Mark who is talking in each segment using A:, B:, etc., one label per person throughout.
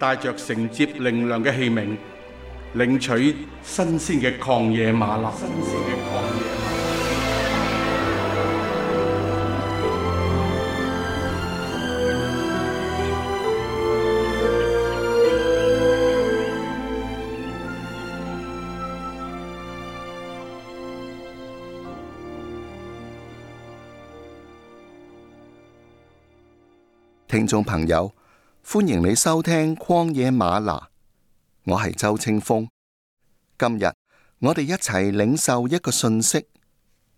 A: 帶着承接靈糧嘅器皿，領取新鮮嘅曠野嗎哪。新鮮嘅曠野嗎哪。聽眾朋友。歡迎你收聽曠野嗎哪，我係周清風。今日我哋一齊領受一個信息，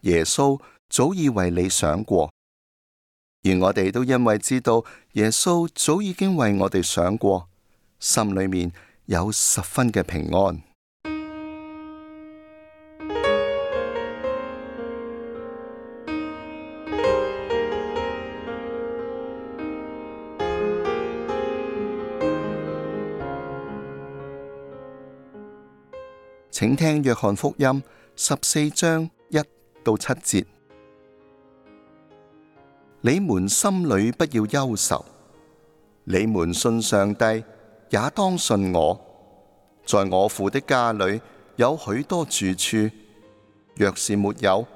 A: 耶穌早已為你想過，而我哋都因為知道耶穌早已經為我哋想過，心裏面有十分嘅平安。請聽約翰福音十四章一到七節。你們心裏不要憂愁，你們信上帝也當信我。在我父的家裏有許多住處，若是沒有，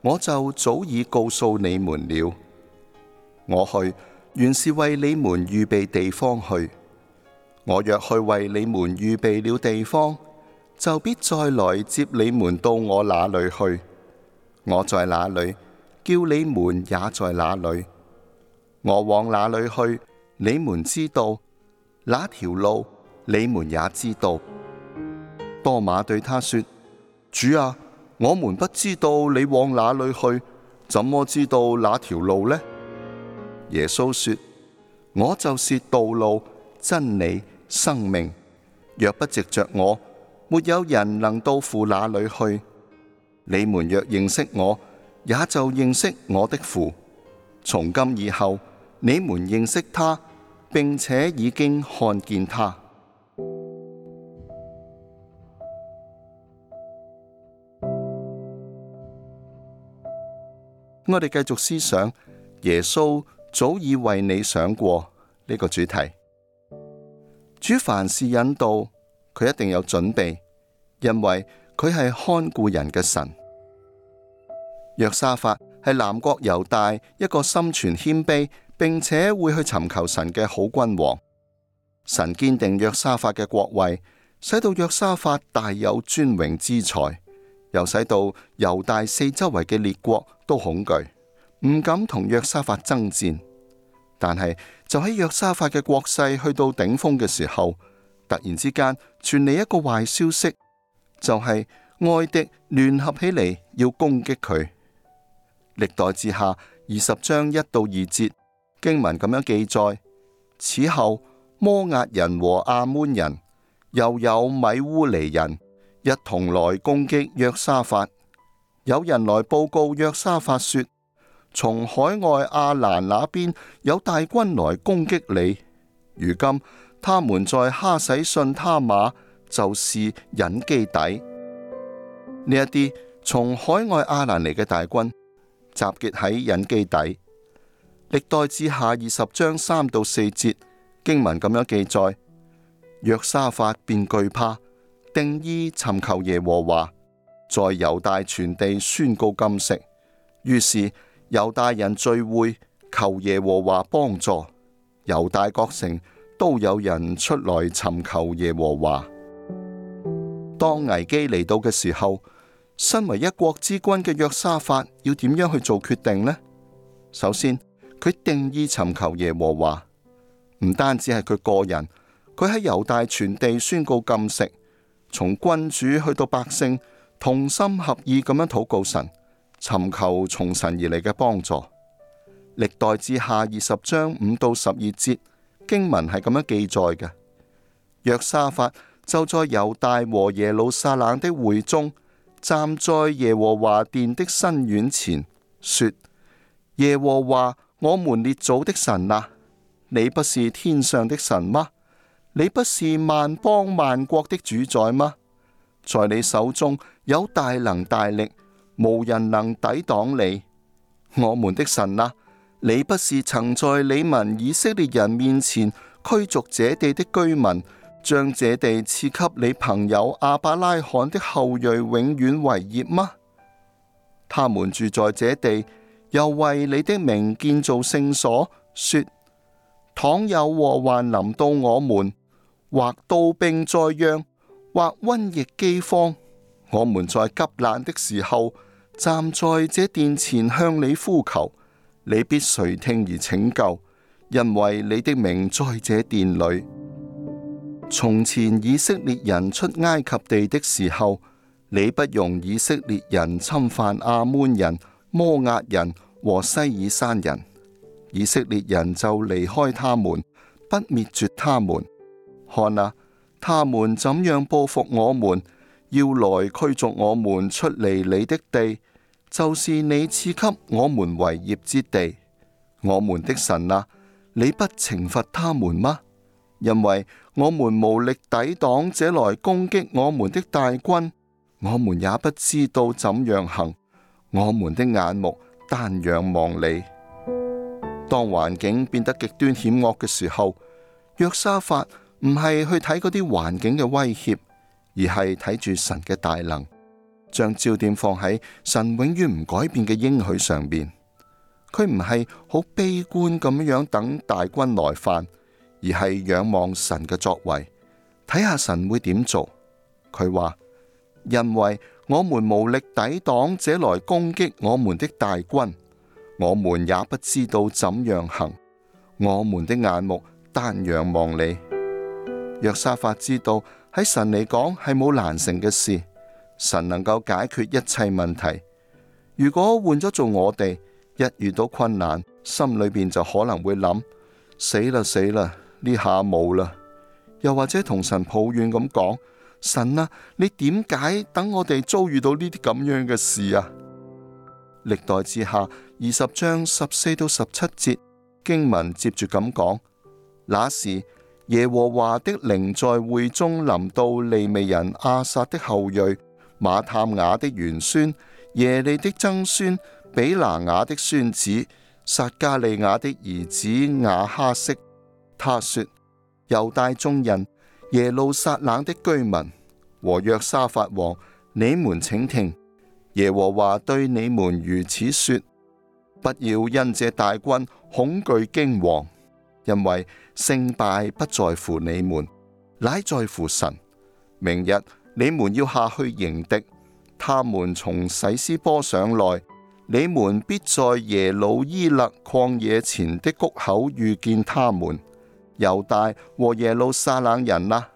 A: 我就早已告訴你們了。我去原是為你們預備地方去，我若去為你們預備了地方，就必再來接你們到我那裏去。我在哪裏，叫你們也在哪裏。我往哪裏去，你們知道。那條路，你們也知道。多馬對他說：主啊，我們不知道你往哪裏去，怎麼知道那條路呢？耶穌說：我就是道路、真理、生命。若不藉着我沒有人能到父那裏去。你們若認識我，也就認識我的父。從今以後，你們認識他，並且已經看見他。我哋繼續思想，耶穌早已為你想過呢個主題。主凡事引導。佢一定有準備，因為佢係看顧人嘅神。約沙法係南國猶大一個心存謙卑，並且會去尋求神嘅好君王。神堅定約沙法嘅國位，使到約沙法大有尊榮之才，又使到猶大四周圍嘅列國都恐懼，唔敢同約沙法爭戰。但係就喺約沙法嘅國勢去到頂峰嘅時候。突然之間傳嚟一個壞消息，就係外敵聯合起嚟要攻擊佢。歷代志下二十章一到二節經文咁樣記載：此後摩押人和亞捫人，又有米烏尼人一同來攻擊約沙法。有人來報告約沙法說：從海外亞蘭那邊有大軍來攻擊你。如今。他們在哈洗遜他瑪，就是隱基底。呢一啲從海外阿蘭嚟嘅大軍集結喺隱基底。歷代志下二十章三到四節經文咁樣記載：約沙法便懼怕，定意尋求耶和華，在猶大全地宣告禁食。於是猶大人聚會，求耶和華幫助，猶大國城。都有人出來尋求耶和華。當危機嚟到嘅時候，身為一國之君嘅約沙法要點樣去做決定呢？首先，佢定義尋求耶和華，唔單止係佢個人，佢喺猶大全地宣告禁食，從君主去到百姓，同心合意咁樣禱告神，尋求從神而嚟嘅幫助。歷代志下二十章五到十二節。經文係咁樣記載嘅：約沙法就在猶大和耶路撒冷的會中，站在耶和華殿的新院前，說：耶和華，我們列祖的神啊，你不是天上的神嗎？你不是萬邦萬國的主宰嗎？在你手中有大能大力，無人能抵擋你。我們的神啊！你不是曾在你民以色列人面前驅逐這地的居民，將這地賜給你朋友亞伯拉罕的後裔永遠為業嗎？他們住在這地，又為你的名建造聖所，說：倘有禍患臨到我們，或刀兵災殃，或瘟疫饑荒，我們在急難的時候，站在這殿前向你呼求。你必須聽而拯救，因為你的名在這殿裏。從前以色列人出埃及地的時候，你不容以色列人侵犯亞捫人、摩押人和西爾山人，以色列人就離開他們，不滅絕他們。看啊，他們怎樣報復我們，要來驅逐我們出離你的地。就是你賜給我們為業之地，我們的神啊，你不懲罰他們嗎？因為我們無力抵擋這來攻擊我們的大軍，我們也不知道怎樣行，我們的眼目單仰望你。當環境變得極端險惡嘅時候，約沙法唔係去睇嗰啲環境嘅威脅，而係睇住神嘅大能。將焦點放喺神永遠唔改變嘅應許上面。佢唔係好悲觀咁樣等大軍來犯，而係仰望神嘅作為，睇下神會點做。佢話：因為我們無力抵擋這來攻擊我們的大軍，我們也不知道怎樣行，我們的眼目單仰望你。約沙法知道喺神嚟講係冇難成嘅事。神能夠解決一切問題。如果換咗做我哋，一遇到困難，心裏邊就可能會諗：死啦死啦，呢下冇啦。又或者同神抱怨咁講：神啊，你點解等我哋遭遇到呢啲咁樣嘅事啊？歷代志下二十章十四到十七節經文接住咁講：那時耶和華的靈在會中臨到利未人阿薩的後裔。馬探雅的玄孫耶利的曾孫比拿雅的孫子撒迦利亞的兒子雅哈悉，他說：猶大眾人、耶路撒冷的居民和約沙法王，你們請聽，耶和華對你們如此說：不要因這大軍恐懼驚惶，因為勝敗不在乎你們，乃在乎神。明日。你們要下去迎敵，他們從洗斯波上來，你們必在耶魯伊勒曠野前的谷口遇見他們。猶大和耶路撒冷人啊，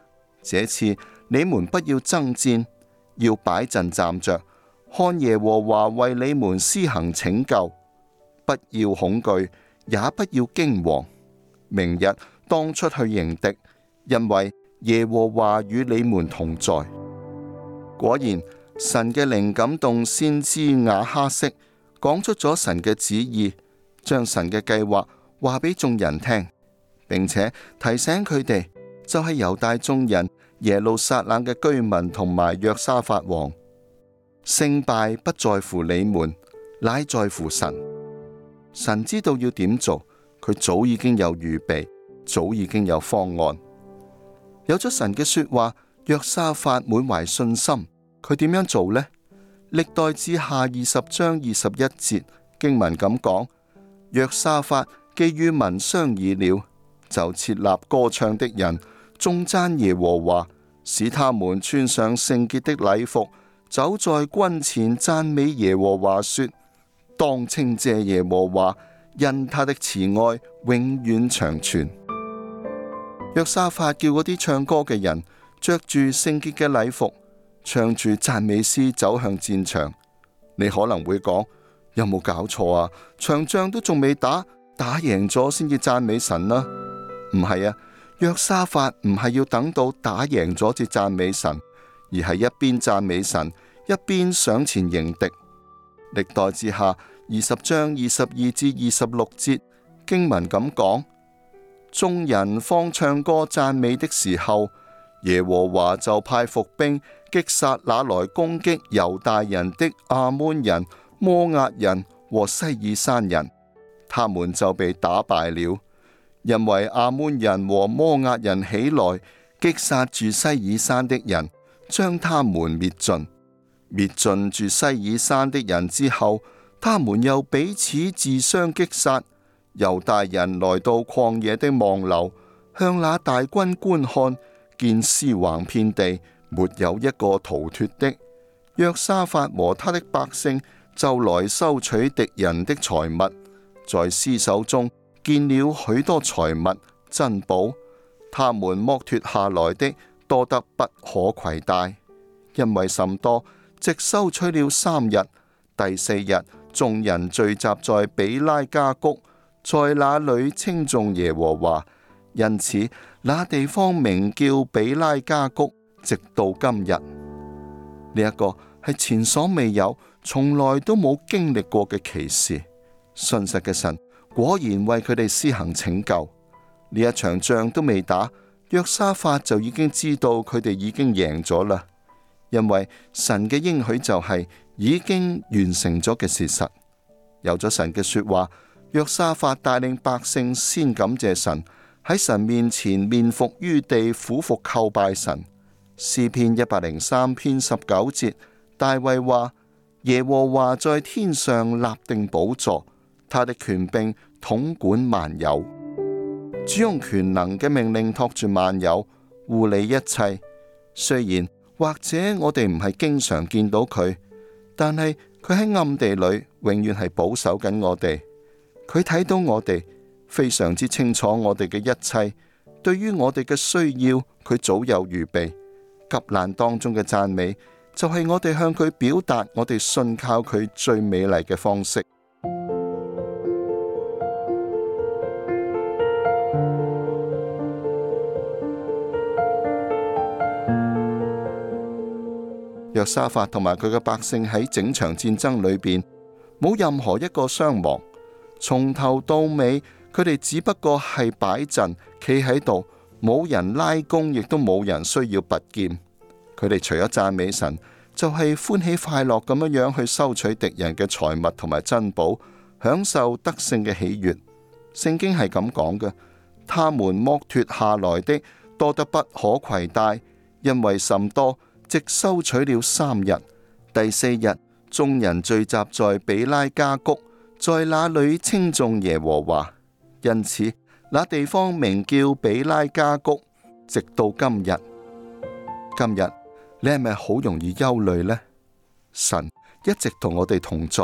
A: 這次你們不要爭戰，要擺陣站着，看耶和華為你們施行拯救，不要恐懼，也不要驚惶。明日當出去迎敵，因為耶和華與你們同在。果然，神嘅靈感動先知雅哈悉講出咗神嘅旨意，將神嘅計劃話俾眾人聽，並且提醒佢哋，就係、是、猶大眾人、耶路撒冷嘅居民同埋約沙法王。勝敗不在乎你們，乃在乎神。神知道要點做，佢早已經有預備，早已經有方案。有咗神嘅說話。約沙法滿懷信心，佢點樣做呢？歷代志下二十章二十一節經文咁講：約沙法既與民商議了，就設立歌唱的人，頌讚耶和華，使他們穿上聖潔的禮服，走在軍前讚美耶和華，說當稱謝耶和華，因他的慈愛永遠長存。約沙法叫嗰啲唱歌嘅人。着住聖潔嘅禮服，唱住讚美詩走向戰場。你可能會講有冇搞錯啊？場仗都仲未打，打贏咗先至讚美神啦、啊？唔係啊，約沙法唔係要等到打贏咗至讚美神，而係一邊讚美神一邊上前迎敵。歷代之下二十章二十二至二十六節經文咁講，眾人方唱歌讚美的時候。耶和華就派伏兵擊殺那來攻擊猶大人的阿門人、摩押人和西爾山人，他們就被打敗了。因為阿門人和摩押人起來擊殺住西爾山的人，將他們滅盡。滅盡住西爾山的人之後，他們又彼此自相擊殺。猶大人來到曠野的望樓，向那大軍觀看。見屍橫遍地，沒有一個逃脱的。約沙法和他的百姓就來收取敵人的財物，在屍首中見了許多財物珍寶，他們剝脱下來的多得不可携帶，因為甚多，直收取了三日。第四日，眾人聚集在比拉加谷，在那裡稱頌耶和華。因此，那地方名叫比拉加谷，直到今日。呢一個係前所未有，從來都冇經歷過嘅奇事。信實嘅神果然為佢哋施行拯救，呢一場仗都未打，約沙法就已經知道佢哋已經贏咗啦。因為神嘅應許就係已經完成咗嘅事實。有咗神嘅說話，約沙法帶領百姓先感謝神。喺神面前，面伏於地，俯伏叩拜神。詩篇一百零三篇十九節，大衛話：耶和華在天上立定寶座，他的權柄統管萬有。主用權能嘅命令托住萬有，護理一切。雖然或者我哋唔係經常見到佢，但係佢喺暗地裏永遠係保守緊我哋。佢睇到我哋。非常之清楚我哋嘅一切，對於我哋嘅需要，佢早有預備。急難當中嘅讚美，就係、是、我哋向佢表達我哋信靠佢最美麗嘅方式。約沙法同埋佢嘅百姓喺整場戰爭裏邊，冇任何一個傷亡，從頭到尾。佢哋只不過係擺陣，企喺度，冇人拉弓，亦都冇人需要拔劍。佢哋除咗讚美神，就係、是、歡喜快樂咁樣樣去收取敵人嘅財物同埋珍寶，享受得勝嘅喜悅。聖經係咁講嘅，他們剝脫下來的多得不可攜帶，因為甚多，即收取了三日。第四日，眾人聚集在比拉加谷，在那裏稱頌耶和華。因此，那地方名叫比拉加谷，直到今日。今日你係咪好容易憂慮呢？神一直同我哋同在，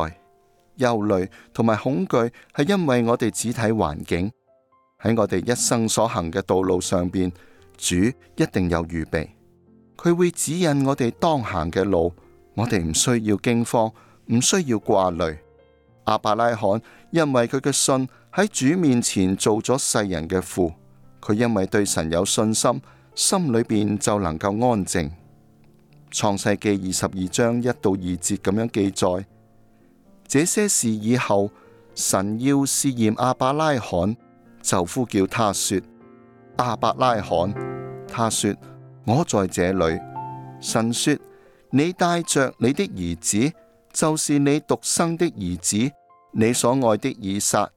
A: 憂慮同埋恐懼係因為我哋只睇環境。喺我哋一生所行嘅道路上邊，主一定有預備，佢會指引我哋當行嘅路，我哋唔需要驚慌，唔需要掛慮。阿伯拉罕因為佢嘅信喺主面前做咗世人嘅父，佢因為對神有信心，心裏邊就能夠安靜。創世記二十二章一到二節咁樣記載，這些事以後，神要試驗阿伯拉罕，就呼叫他說：阿伯拉罕，他說：我在這裏。神說：你帶着你的兒子，就是你獨生的兒子。你所愛的以撒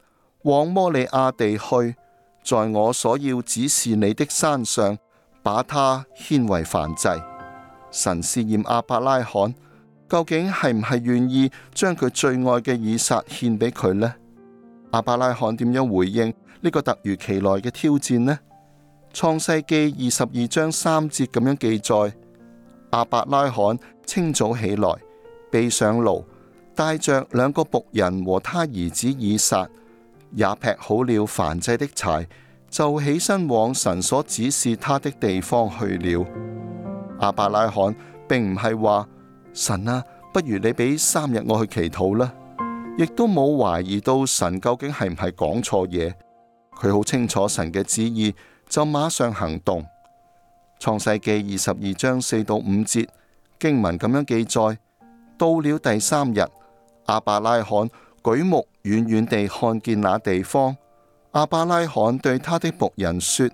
A: 往摩利亞地去，在我所要指示你的山上，把他牽為燔祭。神試驗亞伯拉罕，究竟係唔係願意將佢最愛嘅以撒獻俾佢呢？亞伯拉罕點樣回應呢個突如其來嘅挑戰呢？創世記二十二章三節咁樣記載：亞伯拉罕清早起來，備上爐。帶着兩個僕人和他兒子以撒，也劈好了燔祭的柴，就起身往神所指示他的地方去了。亞伯拉罕並唔係話，神啊，不如你俾三日我去祈禱啦，亦都冇懷疑到神究竟係唔係講錯嘢。佢好清楚神嘅旨意，就馬上行動。創世記二十二章四到五節經文咁樣記載，到了第三日。阿伯拉罕舉目遠遠地看見那地方。阿伯拉罕對他的僕人說：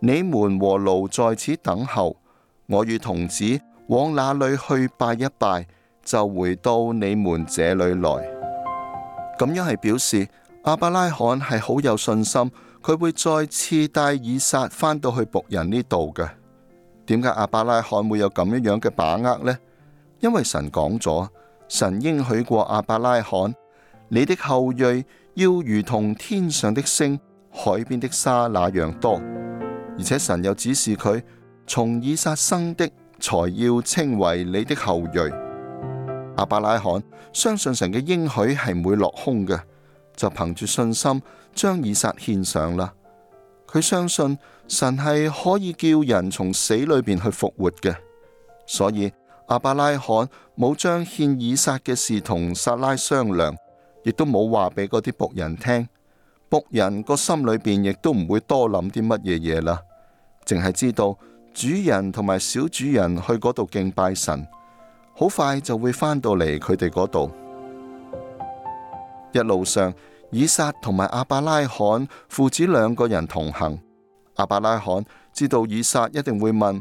A: 你們和驢在此等候，我與童子往那裡去拜一拜，就回到你們這裡來。咁樣係表示阿伯拉罕係好有信心，佢會再次帶以撒返到去僕人呢度嘅。點解阿伯拉罕會有咁樣樣嘅把握呢？因為神講咗。神應許過亞伯拉罕，你的後裔要如同天上的星、海邊的沙那樣多。而且神又指示佢，從以撒生的才要稱為你的後裔。亞伯拉罕相信神嘅應許係唔會落空嘅，就憑住信心將以撒獻上啦。佢相信神係可以叫人從死裏邊去復活嘅，所以。阿伯拉罕冇將獻以撒嘅事同撒拉商量，亦都冇話俾嗰啲僕人聽。僕人個心裏邊亦都唔會多諗啲乜嘢嘢啦，淨係知道主人同埋小主人去嗰度敬拜神，好快就會返到嚟佢哋嗰度。一路上，以撒同埋阿伯拉罕父子兩個人同行。阿伯拉罕知道以撒一定會問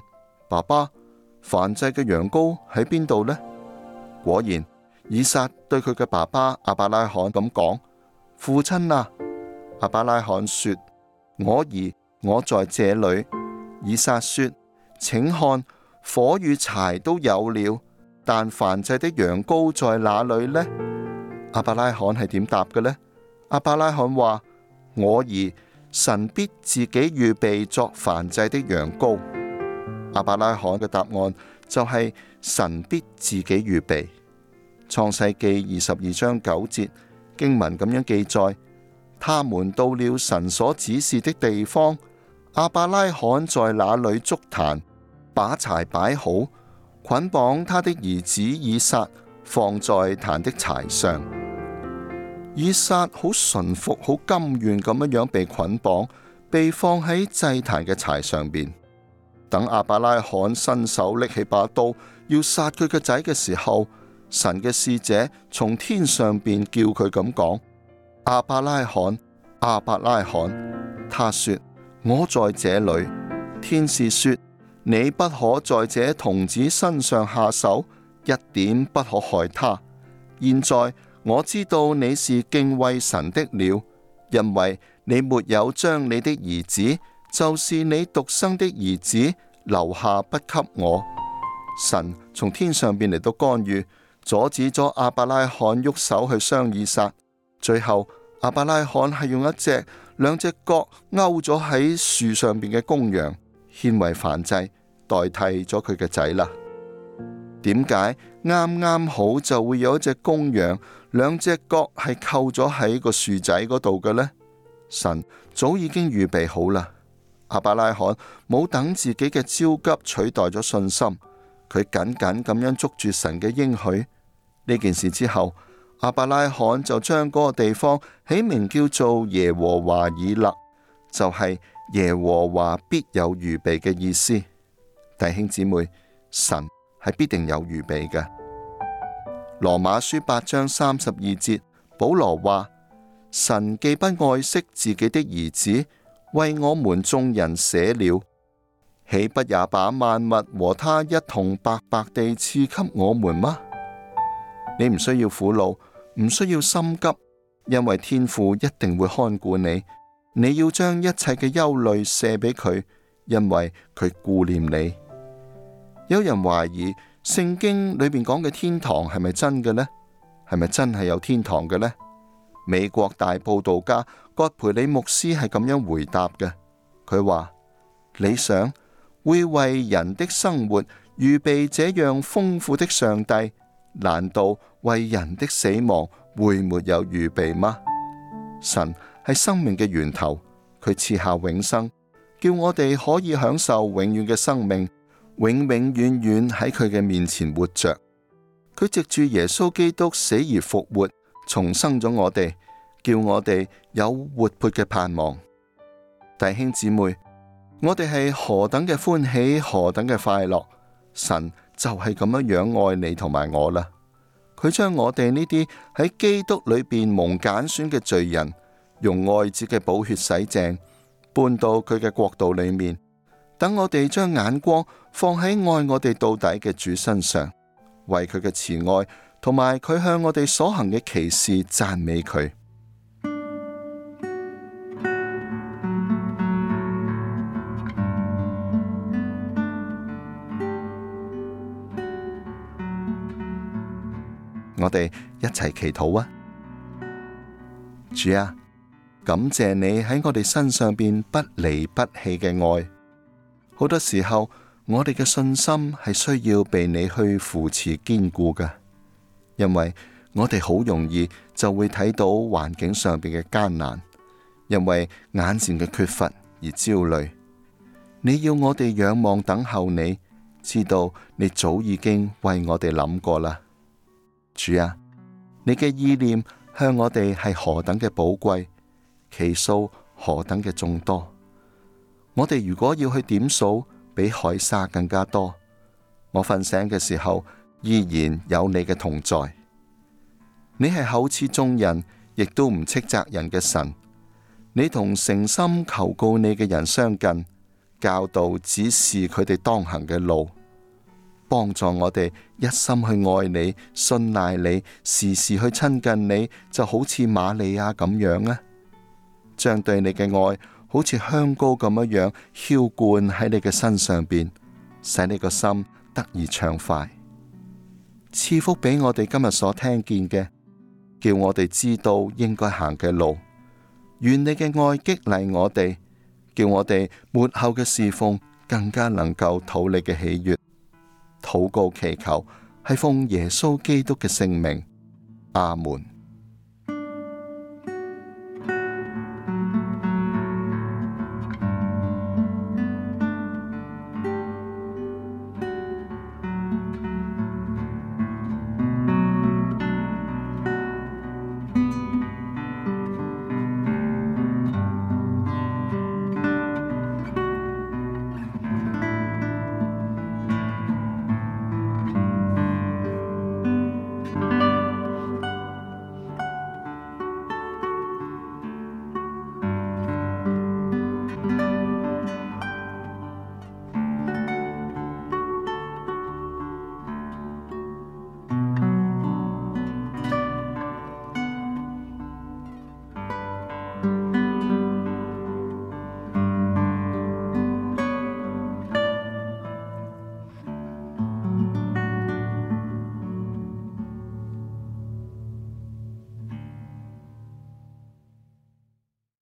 A: 爸爸。燔祭嘅羊羔喺邊度呢？果然，以撒對佢嘅爸爸亞伯拉罕咁講：父親啊！亞伯拉罕說：我兒，我在這裏。以撒說：請看，火與柴都有了，但燔祭的羊羔在哪裏呢？亞伯拉罕係點答嘅呢？亞伯拉罕話：我兒，神必自己預備作燔祭的羊羔。亞伯拉罕嘅答案就係神必自己預備。創世記二十二章九節經文咁樣記載：他們到了神所指示的地方，亞伯拉罕在那裡築壇，把柴擺好，捆綁他的兒子以撒，放在壇的柴上。以撒好順服，好甘願咁樣樣被捆綁，被放喺祭壇嘅柴上邊。等阿伯拉罕伸手拎起把刀要殺佢個仔嘅時候，神嘅使者從天上邊叫佢咁講：阿伯拉罕，阿伯拉罕，他說：我在這裏。天使說：你不可在這童子身上下手，一點不可害他。現在我知道你是敬畏神的了，因為你沒有將你的兒子，就是你獨生的兒子。留下不給我，神從天上邊嚟到干預，阻止咗亞伯拉罕喐手去劏以撒。最後亞伯拉罕係用一隻兩隻角勾咗喺樹上邊嘅公羊，獻為燔祭，代替咗佢嘅仔啦。點解啱啱好就會有一隻公羊，兩隻角係扣咗喺個樹仔嗰度嘅呢？神早已經預備好啦。亞伯拉罕冇等自己嘅焦急取代咗信心，佢緊緊咁樣捉住神嘅應許。呢件事之後，亞伯拉罕就將嗰個地方起名叫做耶和華以勒，就係、是、耶和華必有預備嘅意思。弟兄姊妹，神係必定有預備嘅。羅馬書八章三十二節，保羅話：神既不愛惜自己的兒子。為我們眾人捨了，豈不也把萬物和他一同白白地賜給我們嗎？你唔需要苦惱，唔需要心急，因為天父一定會看顧你。你要將一切嘅憂慮卸俾佢，因為佢顧念你。有人懷疑聖經裏面講嘅天堂係咪真嘅呢？係咪真係有天堂嘅呢？美國大布道家葛培理牧師係咁樣回答嘅，佢話：理想會為人的生活預備這樣豐富的上帝，難道為人的死亡會沒有預備嗎？神係生命嘅源頭，佢賜下永生，叫我哋可以享受永遠嘅生命，永永遠遠喺佢嘅面前活着。佢藉住耶穌基督死而復活，重生咗我哋，叫我哋有活潑嘅盼望。弟兄姊妹，我哋係何等嘅歡喜，何等嘅快樂！神就係咁樣樣愛你同埋我啦。佢將我哋呢啲喺基督裏邊蒙揀選嘅罪人，用愛子嘅寶血洗淨，搬到佢嘅國度裏面。等我哋將眼光放喺愛我哋到底嘅主身上，為佢嘅慈愛，同埋佢向我哋所行嘅奇事讚美佢。 我哋一齊祈禱啊！主啊，感謝你喺我哋身上邊不離不棄嘅愛。好多時候，我哋嘅信心係需要被你去扶持堅固嘅。因為我哋好容易就會睇到環境上邊嘅艱難，因為眼前嘅缺乏而焦慮。你要我哋仰望等候你，知道你早已經為我哋諗過啦。主啊，你嘅意念向我哋係何等嘅寶貴，其數何等嘅眾多。我哋如果要去點數，比海沙更加多。我瞓醒嘅時候，依然有你嘅同在，你係厚賜眾人，亦都唔斥責人嘅神。你同誠心求告你嘅人相近，教導指示佢哋當行嘅路，幫助我哋一心去愛你、信賴你，時時去親近你，就好似瑪利亞咁樣啊！將對你嘅愛好似香膏咁樣樣澆灌喺你嘅身上邊，使你個心得意暢快。賜福俾我哋今日所聽見嘅，叫我哋知道應該行嘅路。願你嘅愛激勵我哋，叫我哋末後嘅侍奉更加能夠討你嘅喜悅。禱告祈求，係奉耶穌基督嘅聖名。阿門。